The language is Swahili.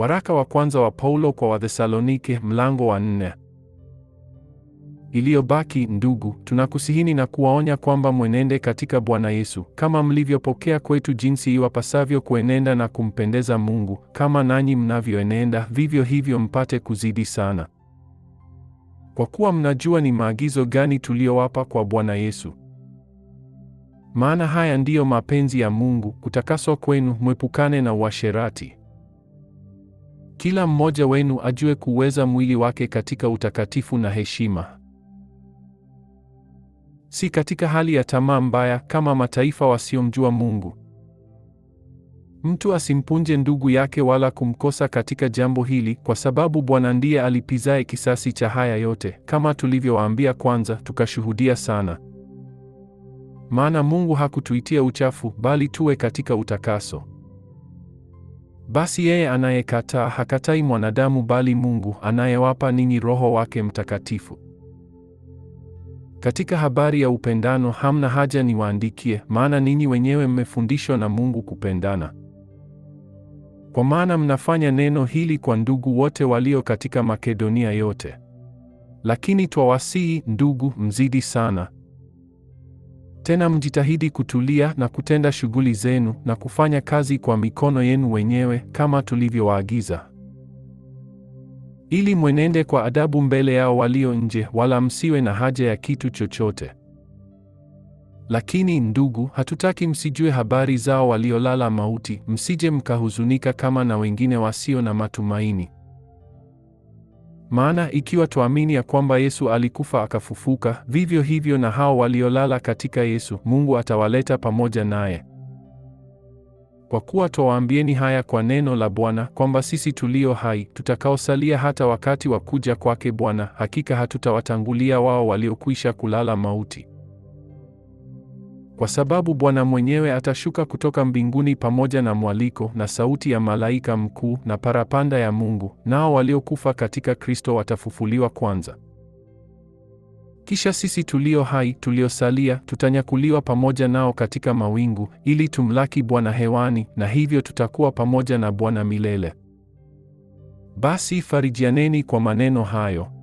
Waraka wa kwanza wa Paulo kwa Wathesalonike mlango wa nne. Iliyobaki ndugu, tunakusihini na kuwaonya kwamba mwenende katika Bwana Yesu, kama mlivyopokea kwetu, jinsi iwapasavyo kuenenda na kumpendeza Mungu; kama nanyi mnavyoenenda, vivyo hivyo mpate kuzidi sana. Kwa kuwa mnajua ni maagizo gani tuliyowapa kwa Bwana Yesu. Maana haya ndiyo mapenzi ya Mungu, kutakaswa kwenu, mwepukane na uasherati. Kila mmoja wenu ajue kuweza mwili wake katika utakatifu na heshima, si katika hali ya tamaa mbaya kama mataifa wasiomjua Mungu. Mtu asimpunje ndugu yake wala kumkosa katika jambo hili, kwa sababu Bwana ndiye alipizaye kisasi cha haya yote, kama tulivyowaambia kwanza, tukashuhudia sana. Maana Mungu hakutuitia uchafu, bali tuwe katika utakaso. Basi yeye anayekataa hakatai mwanadamu bali Mungu anayewapa ninyi Roho wake Mtakatifu. Katika habari ya upendano hamna haja niwaandikie, maana ninyi wenyewe mmefundishwa na Mungu kupendana. Kwa maana mnafanya neno hili kwa ndugu wote walio katika Makedonia yote. Lakini twawasihi ndugu, mzidi sana tena mjitahidi kutulia na kutenda shughuli zenu na kufanya kazi kwa mikono yenu wenyewe kama tulivyowaagiza, ili mwenende kwa adabu mbele yao walio nje, wala msiwe na haja ya kitu chochote. Lakini ndugu, hatutaki msijue habari zao waliolala mauti, msije mkahuzunika kama na wengine wasio na matumaini. Maana ikiwa twaamini ya kwamba Yesu alikufa akafufuka, vivyo hivyo na hao waliolala katika Yesu, Mungu atawaleta pamoja naye. Kwa kuwa twawaambieni haya kwa neno la Bwana, kwamba sisi tulio hai tutakaosalia hata wakati wa kuja kwake Bwana, hakika hatutawatangulia wao waliokwisha kulala mauti kwa sababu Bwana mwenyewe atashuka kutoka mbinguni pamoja na mwaliko na sauti ya malaika mkuu na parapanda ya Mungu, nao waliokufa katika Kristo watafufuliwa kwanza. Kisha sisi tulio hai tuliosalia tutanyakuliwa pamoja nao katika mawingu ili tumlaki Bwana hewani, na hivyo tutakuwa pamoja na Bwana milele. Basi farijianeni kwa maneno hayo.